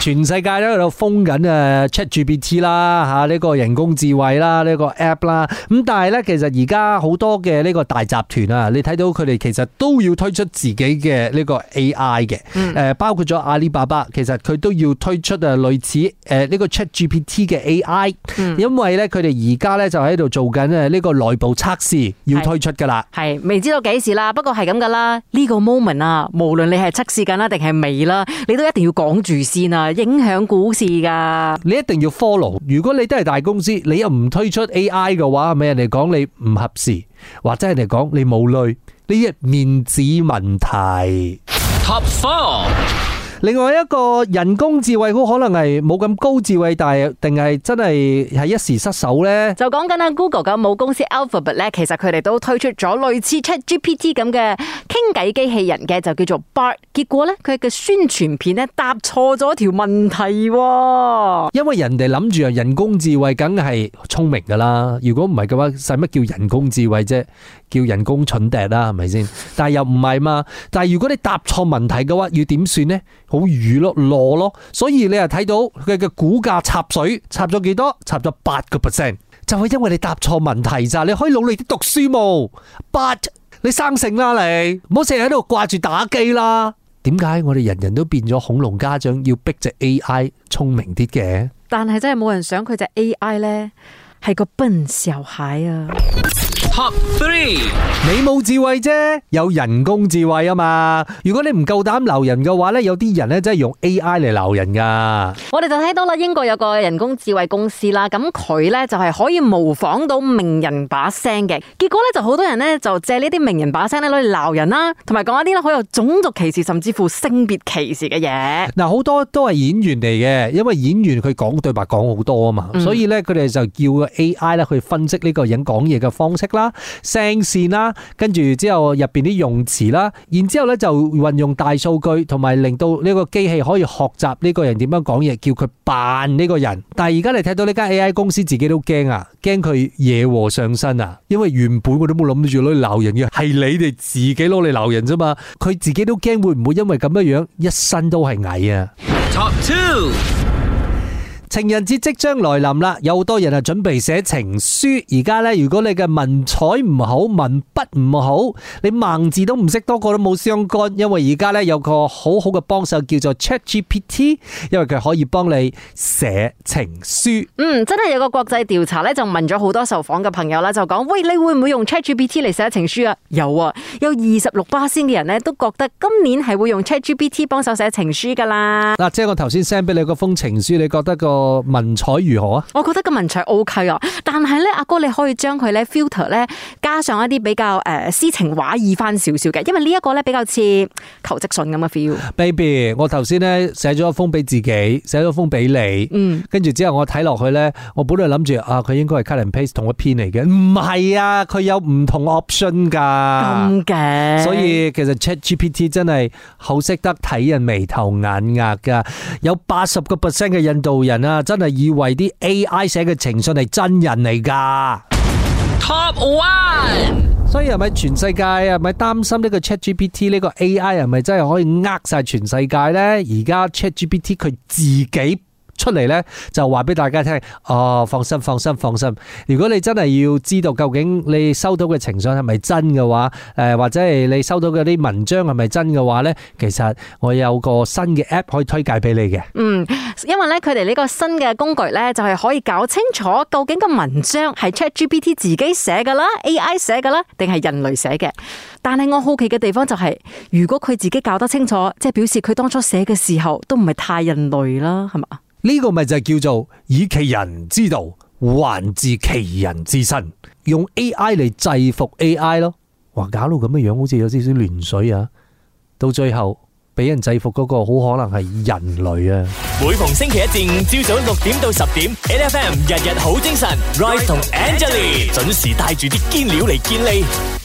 全世界都喺度封緊誒 ChatGPT 啦，吓，呢個人工智慧啦，呢個 App 啦，咁但係咧，其實而家好多嘅呢個大集團啊，你睇到佢哋其實都要推出自己嘅呢個 AI 嘅、嗯，誒，包括咗阿里巴巴，其實佢都要推出誒類似誒呢個 ChatGPT 嘅 AI，、嗯、因為咧佢哋而家咧就喺度做緊誒呢個內部測試，要推出噶啦，係未知道幾時啦，不過係咁噶啦，呢個 moment 啊，無論你係測試緊啦定係未啦，你都一定要講住先啊！影響股市噶，你一定要 follow。如果你都係大公司，你又唔推出 AI 嘅話，係咪人哋講你唔合時，或者人哋講你冇類？呢一面子問題。另外一個人工智慧，佢可能係冇咁高智慧，但係定係真係係一時失手呢？就講緊 Google 嘅母公司 Alphabet 咧，其實佢哋都推出咗類似 ChatGPT 咁嘅傾偈機器人嘅，就叫做 Bart。結果呢，佢嘅宣傳片呢答錯咗條問題。因為人哋諗住啊，人工智慧梗係聰明噶啦。如果唔係嘅話，使乜叫人工智慧啫？叫人工蠢嗲啦，係咪先？但係又唔係嘛？但係如果你答錯問題嘅話，要點算呢？好淤咯，落咯，所以你又睇到佢嘅股價插水插，插咗幾多？插咗八個 percent，就係因為你答錯問題咋？你可以努力啲讀書冇 but，你生性啦你，唔好成日喺度掛住打機啦。點解我哋人人都變咗恐龍家長，要逼隻 AI 聰明啲嘅？但係真係冇人想佢隻 AI 呢，係個笨小孩啊！Top three，你冇智慧啫，有人工智慧啊嘛。如果你唔夠膽鬧人嘅話咧，有啲人咧真係用 AI 嚟鬧人噶。我哋就睇到啦，英國有個人工智慧公司啦，咁佢咧就係可以模仿到名人把聲嘅。結果咧就好多人咧就借呢啲名人把聲咧攞嚟鬧人啦，同埋講一啲咧好有種族歧視甚至乎性別歧視嘅嘢。嗱，好多都係演員嚟嘅，因為演員佢講對白講好多啊嘛，所以咧佢哋就叫 AI 咧去分析呢個人講嘢嘅方式啦。聲線啦，跟住之後入邊啲用詞啦，然之後呢就運用大數據，同埋令到呢個機器可以學習呢個人點樣講嘢，叫佢扮呢個人。但係而家你睇到呢間 AI 公司自己都驚啊，驚佢惹禍上身啊，因為原本我都冇諗住攞嚟鬧人嘅，係你哋自己攞嚟鬧人咋嘛？佢自己都驚會唔會因為咁樣樣，一身都係蟻啊。Top two 情人節即將來臨啦，有好多人啊準備寫情書。而家咧，如果你嘅文采唔好，文筆唔好，你盲字都唔識，多個都冇相干。因為而家咧有個好好嘅幫手叫做 ChatGPT，因為佢可以幫你寫情書。嗯，真係有個國際調查咧，就問咗好多受訪嘅朋友啦，就講喂，你會唔會用 ChatGPT 嚟寫情書啊？有啊，有二十六巴仙嘅人咧，都覺得今年係會用 ChatGPT 幫手寫情書噶啦。嗱，即係我頭先 send 俾你嗰封情書，你覺得個？個文采如何啊？我覺得個文采 O K 哦，但係咧，阿哥你可以將佢咧 filter 咧，加上一啲比較誒詩情畫意翻少少嘅，因為呢一個咧比較似求職信咁嘅 feel。Baby，我頭先咧寫咗一封俾自己，寫咗封俾你，嗯，跟住之後我睇落去咧，我本來諗住啊，佢應該係 cut and paste 同一篇嚟嘅，唔係啊，佢有唔同 option 噶，咁嘅，所以其實 ChatGPT 真係好識得睇人眉頭眼額噶，有八十個 percent 嘅印度人。啊！真係以為啲 AI 寫嘅情信係真人嚟噶，Top One。所以係咪全世界係咪擔心呢個 Chat GPT 呢個 AI 係咪真係可以呃晒全世界呢現在？而家 Chat GPT 佢自己。出嚟呢，就話俾大家聽哦，放心，放心，放心。如果你真係要知道究竟你收到嘅情信係咪真嘅話，誒、呃、或者係你收到嘅啲文章係咪真嘅話呢，其實我有個新嘅 app 可以推介俾你嘅。嗯，因為呢，佢哋呢個新嘅工具呢，就係可以搞清楚究竟個文章係 Chat GPT 自己寫噶啦，AI 寫噶啦，定係人類寫嘅。但係我好奇嘅地方就係、是，如果佢自己搞得清楚，即、就、係、是、表示佢當初寫嘅時候都唔係太人類啦，係嘛？呢個咪就係叫做以其人之道還治其人之身，用 AI 嚟制服 AI 咯。哇！搞到咁嘅樣，好似有少少亂水啊！到最後俾人制服嗰個，好可能係人類啊！每逢星期一至五，朝早六點到十點，A F M 日日好精神，Rise 同 Angelie 準時帶住啲堅料嚟健利。